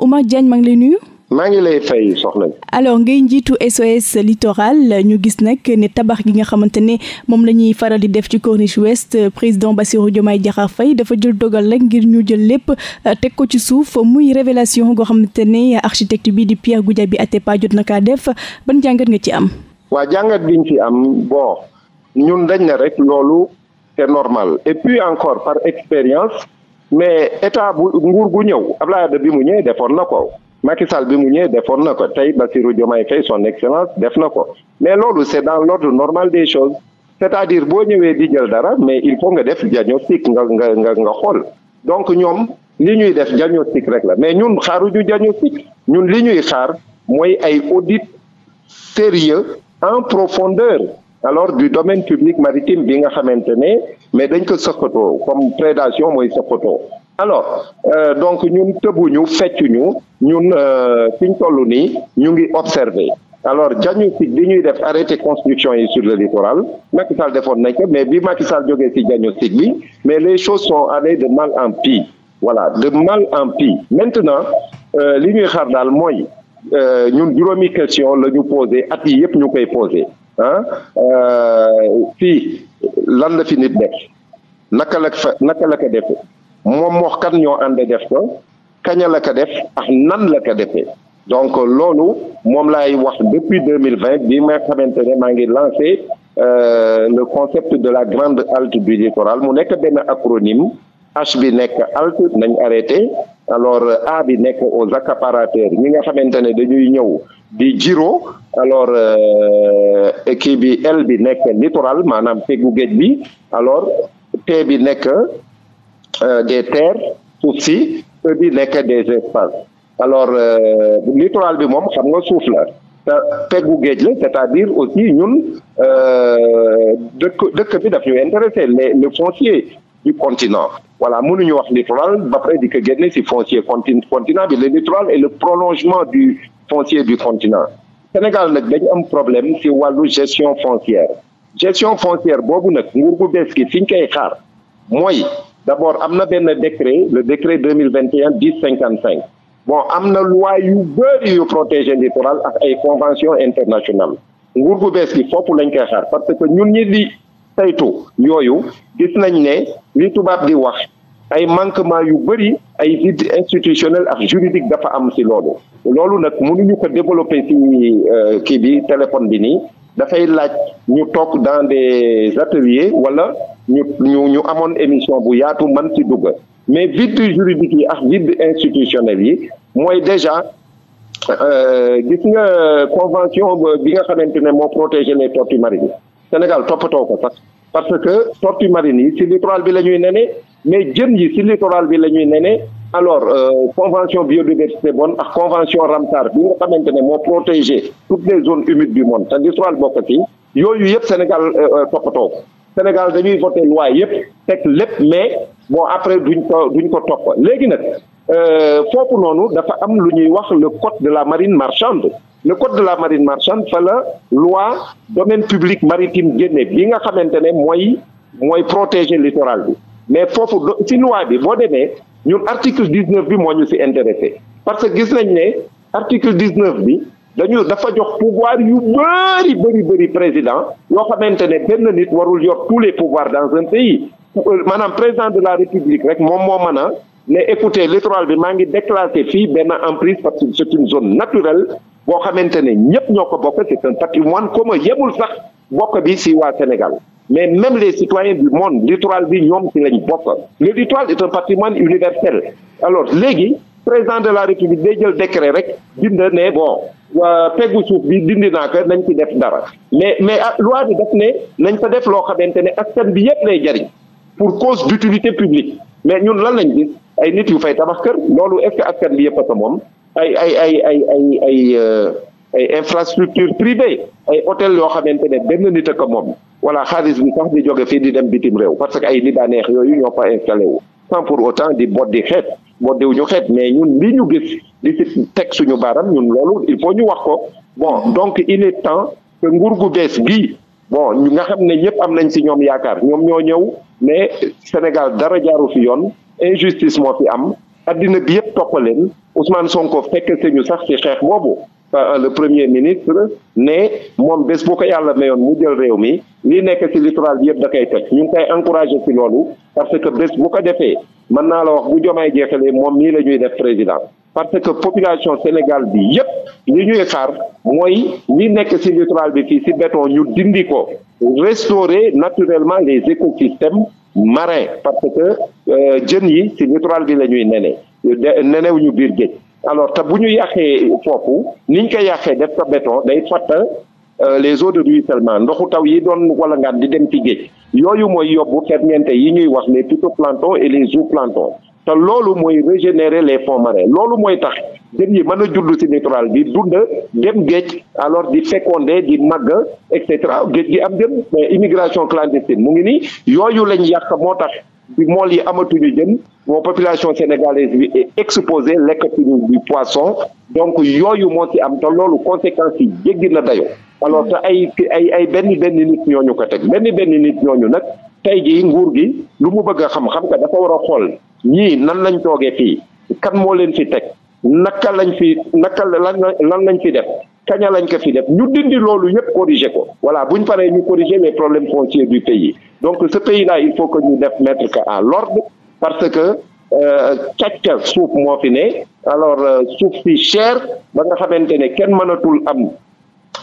Oumar Diagne maa ngi lay nuyu. maa ngi lay fay ngay njiitu SOS littoral ñu gis nag ni tabax gi nga xamante ne moom la ñuy faral di def ci corniche ouest président Bassirou Diomaye Diakhar Faye dafa jël dogal rek ngir ñu jël lépp euh, teg ko ci suuf muy révélation goo xamante ne architecte bi di Pierre Goudiaby Atepa jot na kaa def ban jàngat nga ci am. waa jàngat biñ ci am bon ñun dañ na rek loolu c'est normal et puis encore par expérience. mais état bu nguur gu ñëw Abdoulaye Wade bi mu ñëw defoon na ko Macky Sall bi mu ñëwee defoon na ko tey Bassirou Diomaye Faye son excellence def na ko mais loolu c'est dans l'ordre normal des choses c'est-à-dire boo ñëwee di jël dara mais il faut nga def diagnostic nga nga nga nga xool donc ñoom li ñuy def diagnostic rek la mais ñun xaaruñu diagnostic ñun li ñuy xaar mooy ay audit sérieux en profondeur alors du domaine public maritime bi nga xamante ne mais dañ ko soppatoo comme prédation mooy soppatoo alors euh, donc ñun tëbuñu feccuñu ñun euh, fi ñu toll nii ñu ngi observer alors diagnostic li ñuy def arrêté construction yi sur le littoral Macky Sall defoon nañ ko mais bi Macky Sall jógee ci diagnostic bi mais les choses sont allées de mal en pi voilà de mal en pi maintenant euh, li ñuy xaar daal mooy euh, ñun juróomi question la ñu posé at yi yëpp ñu koy posé ah euh, fii lan la fi nit def naka la fa naka la ko defee moom moo kan ñoo ànd def ko kaña la ka def ak nan la ko defee donc loolu moom laay wax depuis deux mille vingt bi ma xamante ne maa ngi lancé euh, le concept de la grande halte du littoral mu nekk benn acronyme H bi nekk alt nañ arrêté alors A bi nekk aux accaparateurs ñi nga xamante ne dañuy ñëw di Giro alors kii euh, bi el bi nekk littoral maanaam peggu géej bi alors te bi nekk euh, des terres suuf si E bi nekk des espaces alors euh, littoral bi moom xam nga suuf la te peggu géej la c'est-à-dire aussi ñun dëkk dëkk bi daf ñu intéressé les le foncier du continent voilà mënuñu wax littoral ba pare di ko génne ci foncier continent bi le littoral est le prolongement du foncier du continent Sénégal nag dañu am problème si wàllu gestion foncière gestion foncière boobu nag nguur gu bees gi fi ñu koy xaar mooy d'abord am na benn décret le décret deux mille vingt et un dix cinquante cinq bon am na loi yu bëri yu protéger littoral ak ay convention internationale nguur gu bees gi foofu lañ koy xaar parce que ñun ñi di saytu yooyu gis nañ ne li tubaab gi wax ay manquement yu bëri ay vide institutionnel ak juridique dafa am si loolu loolu nag mu mënuñu ko développer si euh, kii bi téléphone bi nii dafay laaj ñu toog dans des ateliers wala ñu ñu ñu amoon émission bu yaatu man ci dugg mais vide juridique yi ak vide institutionnel yi mooy déjà euh, gis nga convention bi nga xamante ne moo protéger les tortues marines Sénégal toppatoo ko sax parce que tortue marine yi ci littoral bi la ñuy ne mais jën yi ci littoral bi la ñuy nene alors euh, convention biodiversité bonne ak convention Ramsar bi nga xamante ne moo protéger toutes les zones humides du monde te littoral bokk ci yooyu yëpp Sénégal euh, euh, toppatoo Sénégal dañuy voté loi yëpp teg lépp mais moo après duñ ko duñ ko topp léegi nag euh, foofu noonu dafa am lu ñuy wax le code de la marine marchande le code de la marine marchande fa la loi domaine public maritime génne bi nga xamante ne mooy moy protéger littoral bi mais foofu si loi bi boo demee ñun article dix bi moo ñu si intéressé parce que gis nañ ne article dix neuf bi dañu dafa jox pouvoir yu bëri bëri bëri président yoo xamante ne benn nit warul yor tous les pouvoirs dans un pays euh, maanaam président de la république rek moom moo mën a ne écoutez littoral bi maa ngi déclassé fii benn emprise parce que zone naturelle boo xamante ne ñëpp ñoo ko bokk c'est un patrimoine commun yemul sax bokk bi si waa Sénégal mais même les citoyens du monde littoral bi ñoom si lañ bokk le littoral est un patrimoine universel alors léegi président de la république day jël décret rek bind ne bon peggu suuf bi dindi naa ko nañ ci def dara mais mais ah, loi bi daf ne nañ fa def loo xamante ne askan bi yëpp lay jariñ pour cause d'utilité publique mais ñun lan nañ gis ay nit yu fay tabax kër loolu est-ce que yëpp a sa moom ay ay ay ay ay ay euh, ay infrastructure privée ay hôtel yoo xamante ne benn nit ak moom wala xaalis bi sax di jóge fii di dem bitim réew parce que ay nit a neex yooyu ñoo fa installé wu sans pour autant di boddi xeet boddi wu ñu xeet mais ñun li ñu gis di si teg suñu baaram ñun loolu il faut ñu wax ko bon donc il est temps que nguur gu bees gii bon ñu nga xam ne ñëpp am nañ si ñoom yaakaar ñoom ñoo ñëw mais Sénégal dara jaaru fi yoon injustice moo fi am addina bi yëpp toppaleen Ousmane Sonko fekk ñu sax ci xeex boobu euh, le premier ministre ne moom bés bu ko yàlla mayoon mu jël réew mi li nekk ci littoral bi yëpp da koy toj ñu ngi koy encouragé ci loolu parce que bés bu ko defee mën naa la wax bu jomaay jeexalee moom mii la ñuy def président parce que population Sénégal bi yëpp li ñuy xaar mooy li nekk ci littoral bi fii ci béton ñu dindi ko restaurer naturellement les écosystèmes marin parce que euh, jën yi ci littoral bi la ñuy nene ñu biir géej alors te bu ñu yàqee foofu niñ koy yàqee def ko béton day fatta euh, les eaux de ruissellement ndoxu taw yi doon wala ngaan di dem ci géej yooyu mooy yóbbu ferñeente yi ñuy wax les phytoplanctons et les zooplanctons te loolu mooy régénérer les fonds marins loolu mooy tax jën yi mën a judd ci littoral bi dund dem géej alors di fécondé di màgg et cetera géej gi am jën mais immigration clandestine mu ngi nii yooyu lañ yàq moo tax bi mool yi amatuñu jën moo population sénégalaise bi est exposée lekkatuñu du poisson donc yooyu moo ci am te loolu conséquences yi jéggi na dayoo alors te ay ay ay benn benn nit ñooñu ko teg benn benn nit ñooñu nag tey jii nguur gi lu mu bëgg a xam xam nga dafa war a xool ñii nan lañ toogee fii kan moo leen fi teg naka lañ fi naka lan lan lañ fi def kaña lañ ko fi def ñu dindi loolu yëpp corriger ko voilà bu ñu paree ñu corriger les problèmes fonciers du pays donc ce pays là il faut que ñu def mettre que en l'ordre parce que euh, càcc suuf moo fi ne alors euh, suuf fi cher ba nga xamante ne kenn mënatul am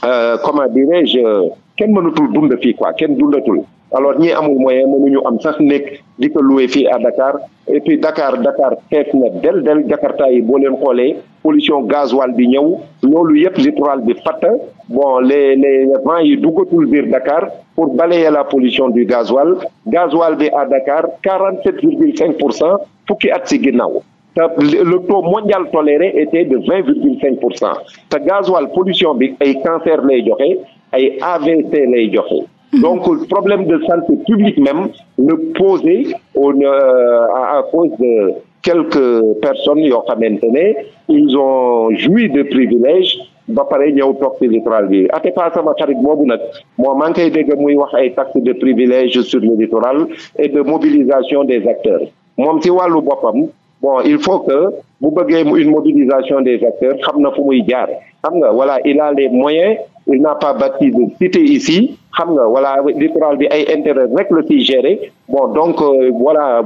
euh, comment dirais-je kenn mënatul dund fii quoi kenn dundatul alors ñi amul moyen mënuñu am sax nekk di ko loué fii à Dakar et puis Dakar Dakar xees na del del Jakarta yi boo leen xoolee pollution gasoil bi ñëw loolu yëpp littoral bi fatt bon les les vents yi duggatul biir Dakar pour balayer la pollution du gasoil gasoil bi à Dakar quarante sept virgule cinq pour cent fukki at si ginnaaw le taux mondial toléré était de vingt virgule cinq pour cent te gasoil pollution bi ay cancer lay joxe ay AVC lay joxe. Mhm. donc problème de santé publique même le poser au euh, à cause de quelques personnes yoo xamante ne ils ont joui de privilèges ba pare ñëw toog ci littoral bi Atépa sama xarit boobu nag moo maa ngi koy dégg muy wax ay taxes de privilèges sur le littoral et de mobilisation des acteurs moom ci wàllu boppam bon il faut que bu bëggee une mobilisation des acteurs xam na fu muy jaar xam nga voilà il a les moyens il n'a pas bâti de cité ici xam nga voilà littoral bi ay intérêt rek la ciy gérer bon donc euh, voilà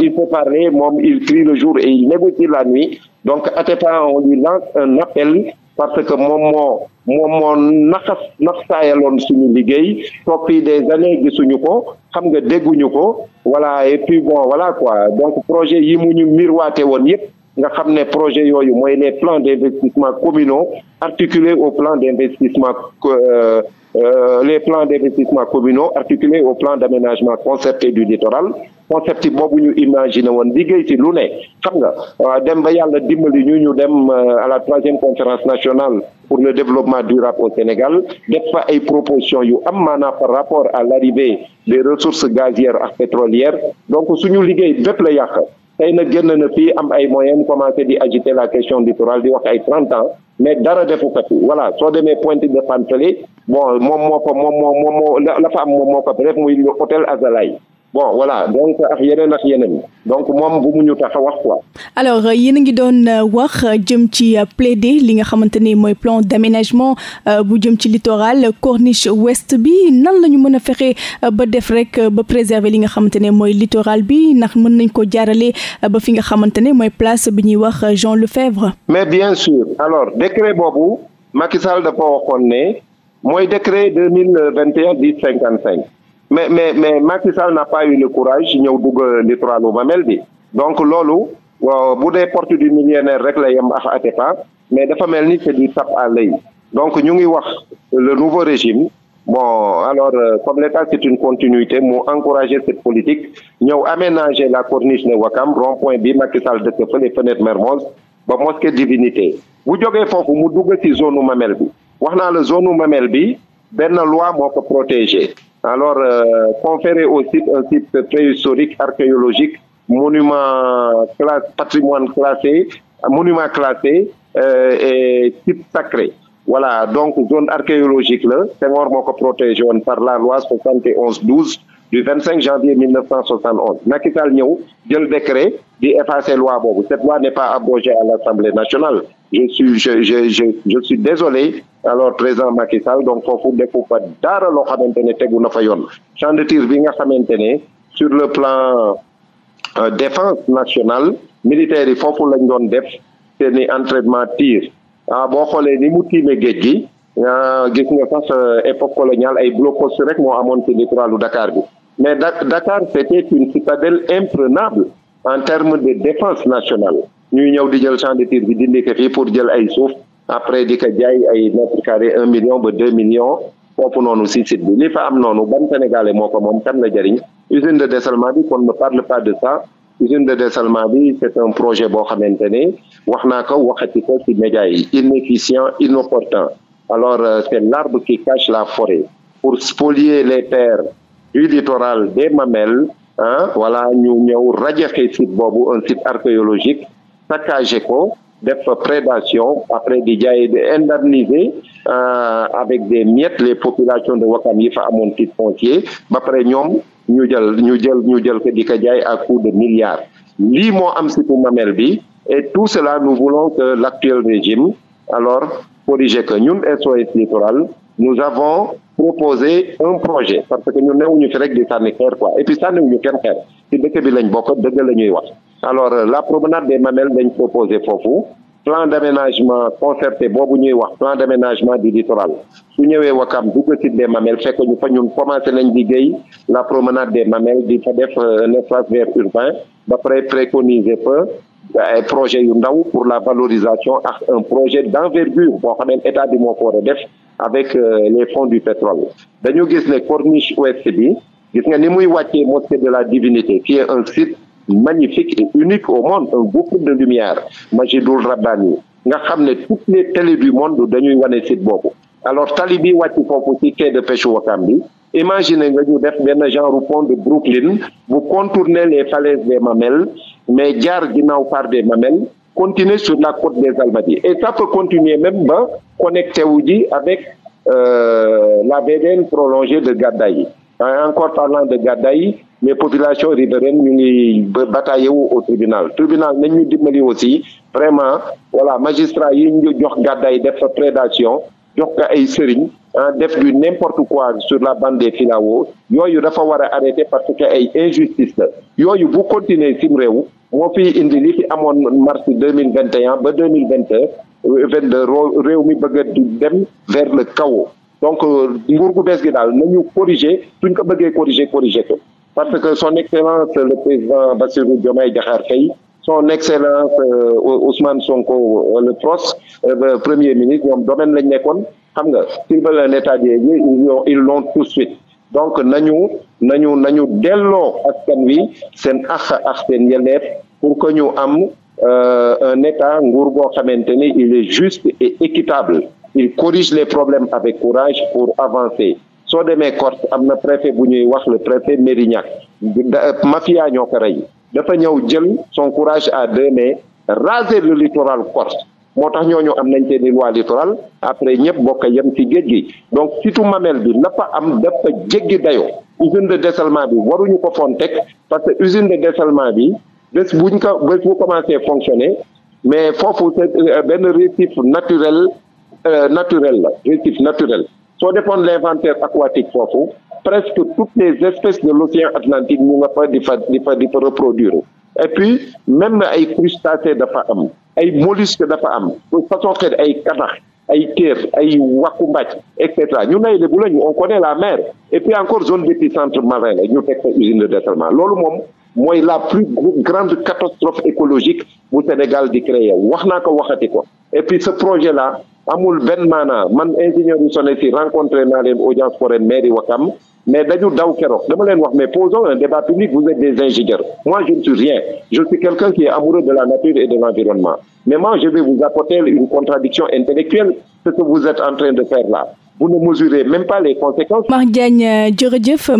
il faut parler moom il crie le jour et il négocie la nuit donc Atepa on lui lance un appel parce que moom moo moom moo naxas naxsaayaloon suñu liggéey toog fii des années gisuñu ko xam nga dégguñu ko wala et puis bon wala quoi donc projet yi mu ñu miroité woon yëpp nga xam ne projet yooyu mooy les plans d'investissement communaux articulés au plan d'investissement euh, euh, les plans d'investissement communaux articulés au plan d'aménagement concerté du littoral concept boobu ñu imaginer woon liggéey ci lu ne xam nga euh, dem ba yàlla dimbali ñu ñu dem euh, à la troisième conférence nationale pour le développement durable au Sénégal def fa ay propositions yu am maanaam par rapport à l'arrivée des ressources gazières ak pétrolières donc suñu liggéey bépp la yàq xëy na génn na na fii am ay moyens commencé di ajite la question littorale di wax ay trente ans mais dara defu ko fi voilà soo demee Pointe de Pamfili bon moom moo fa moom moo moom moo la fa am moom moo ko bref muy hôtel Azalaï bon voilà donc ak yeneen ak yeneen donc moom bu mu ñu tax a wax quoi. alors euh, yéen a ngi doon euh, wax euh, jëm ci plaider li nga xamante ni mooy plan d'aménagement bu jëm ci littoral corniche west bi nan la ñu mën a fexe ba def rek ba préserver li nga xamante ne mooy littoral bi ndax mën nañ ko jaarale ba fi nga xamante ne mooy place bi ñuy wax Jean Lefebvre. mais bien sûr alors décret boobu Macky Sall dafa waxoon ne mooy décret deux mais mais mais Macky Sall n'a pas eu le courage ñëw dugg littoralu Mamel bi donc loolu bu dee porte du millionnaire rek la yem ak Atepa mais dafa mel ni c'est du à l'œil donc ñu ngi wax le nouveau régime bon alors euh, comme l'État c'est une continuité mu encourager cette politique ñëw aménager la corniche ne Wakam rond-point bi Macky Sall dëkk fële fenêtre Mermoz ba mosquée divinité bu jogee foofu mu dugg ci zone u Mamel bi wax naa la zone u Mamel bi benn loi moo ko protégé Alors, euh, conférer au site un site préhistorique, archéologique, monument classe, patrimoine classé, monument classé euh, et site sacré. Voilà, donc zone archéologique là, Senghor moo ko protégé par la loi du 25 janvier 1971 Macky Sall ñëw jël décret di effacer loi boobu cette loi n'est pas abrogée à l'Assemblée nationale je suis je je je je désolé alors président Macky Sall donc foofu defu fa dara loo xamante ne tegu na fa yoon champ de tir bi nga xamante ne sur le plan euh, défense nationale militaire yi foofu lañ doon def seeni entraînement tir ah boo xoolee ni mu tiime géej gi ah, gis nga sax euh, époque coloniale ay blocos rek moo amoon ci littoralu Dakar bi Mais Dakar, c'était une citadelle imprenable en termes de défense nationale. ñuy ñëw di jël champ de tir bi dindi ko pour jël ay souf après di ko jaay ay mètre carré un million ba deux millions foof noonu si site bi li fa am noonu ban sénégalais moo ko moom kan la jariñ usine de dessalement bi kon ne parle pas de ça usine c'est un projet boo xamante ne wax naa ko waxati ko ci médias yi inefficient inopportun alors euh, c'est l'arbre qui cache la forêt pour spolier les terres du littoral des mamelles ah voilà ñu ñëw rajaxe site boobu un site archéologique saccagé ko def prédation après di jaay di indemniser euh, avec des miettes les populations de Wakam yi fa amoon titre foncier ba pare ñoom ñu jël ñu jël ñu jël di ko jaay à coup de milliards lii moo am situ mamel bi et tout cela nous voulons que l'actuel régime alors corrige que ñun SOS littoral nous avons proposer un projet parce que ñun ñu fi rek di sànni xeer quoi et puis sànniwuñu kenn xeer ci dëkk bi lañ bokk dëgg la ñuy wax alors euh, la promenade des Mamelles lañ proposer foofu plan d'aménagement concerté boobu ñuy wax plan d'aménagement du littoral su ñëwee Wakam dugg site des Mamelles fekk ñu fa ñu commencé nañ liggéey la promenade des Mamelles di fa def euh, un espace vert urbain ba pare préconiser fa euh, projet yu ndaw pour la valorisation ak un projet d'envergure boo xam ne état bi moo ko def avec euh, les fonds du pétrole dañu gis ne corniche ouest bi gis nga ni muy wàccee mosquée de la divinité qui est un site magnifique et unique au monde un beau de lumière Majidul Rabbani nga xam ne toutes les télés du monde dañuy wane site boobu alors tali bi wàcc foofu ci quai de pêche Ouakam bi imagine nga ñu def benn genre pont de Brooklyn bu contourner les falaises des Mamelles mais jaar ginnaaw par des Mamelles continuer sur la côte des Almadies et ça peut continuer même ba connecté wu ji avec euh, la VDN prolongée de Gadaye euh, encore parlant de Gadaye mais population riveraine ñu ngi bataillé wu au tribunal tribunal nañ ñu dimbali aussi vraiment wala magistrat yi ñu jox Gadaye def fa prédation jox ko ay sëriñ def du n'importe quoi sur la bande des filaos yooyu dafa war a arrêter parce que ay injustice la yooyu bu continuer sim réew moo fi indi li fi amoon mars deux mille vingt et un ba deux mille vingt deux vingt réew mi bëgg a dem vers le chaos donc euh, nguur gu bees gi daal nañu corriger suñ ko bëggee corriger corriger ko parce que son excellence le président Bassirou Diomaye Diakhar Faye son excellence euh, Ousmane Sonko euh, le pros euh, premier ministre ñoom domaine lañ nekkoon xam nga s'ils veulent un état des lieux ils l'ont tout suite donc nañu nañu nañu delloo askan wi seen ax ax seen yelleef pour que ñu am euh, un état nguur goo xamante ni il est juste et équitable il corrige les problèmes avec courage pour avancer soo demee Corse am na préfet bu ñuy wax le préfet Mérignac mafia ñoo ko rey dafa ñëw jël son courage à deux mains raser le littoral corse moo tax ñooñu am nañ seeni loi littoral après ñëpp bokk yem ci géej gi donc surtout mamel bi na fa am dafa jéggi dayoo usine de dessalement bi waruñu ko foon teg parce que usine de dessalement bi bés buñ ko bés bu commencé fonctionner mais foofu c'est euh, benn récif naturel euh, naturel la récif naturel soo defoon l'inventaire aquatique foofu presque toutes les espèces de l'océan Atlantique ñu nga fa di fa di fa di fa reproduire et puis même ay crustacés dafa am ay mollusque dafa am façon xeet ay katax ay kéer ay wàkku mbàcc et cetera ñu nay bu lañu on connaît la mer et puis encore zone d'épicentre marin la ñu teg fa usine de dessalement loolu moom mooy la plus grande catastrophe écologique bu Sénégal di créer wax naa ko waxati ko et puis ce projet là amul benn maanaa man ingénieur yu sone si rencontré naa leen audience foraine mairie Wakam mais dañu daw keroog dama leen wax mais posons un débat public vous êtes des ingénieurs moi je ne suis rien je suis quelqu'un qui est amoureux de la nature et de l'environnement mais je vais vous apporter une contradiction intellectuelle ce que vous êtes en train de faire là vous ne mesurez même pas les conséquences. Mar Diagne euh, jërëjëf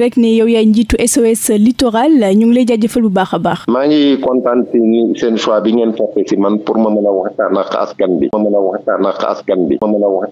rek ne yow yaay njiitu SOS littoral ñu ngi lay jaajëfal bu baax a baax. maa ngi kontaan seen choix bi ngeen fekk si man pour ma mën a waxtaan ak askan bi. ma mën a waxtaan ak askan bi. a wax.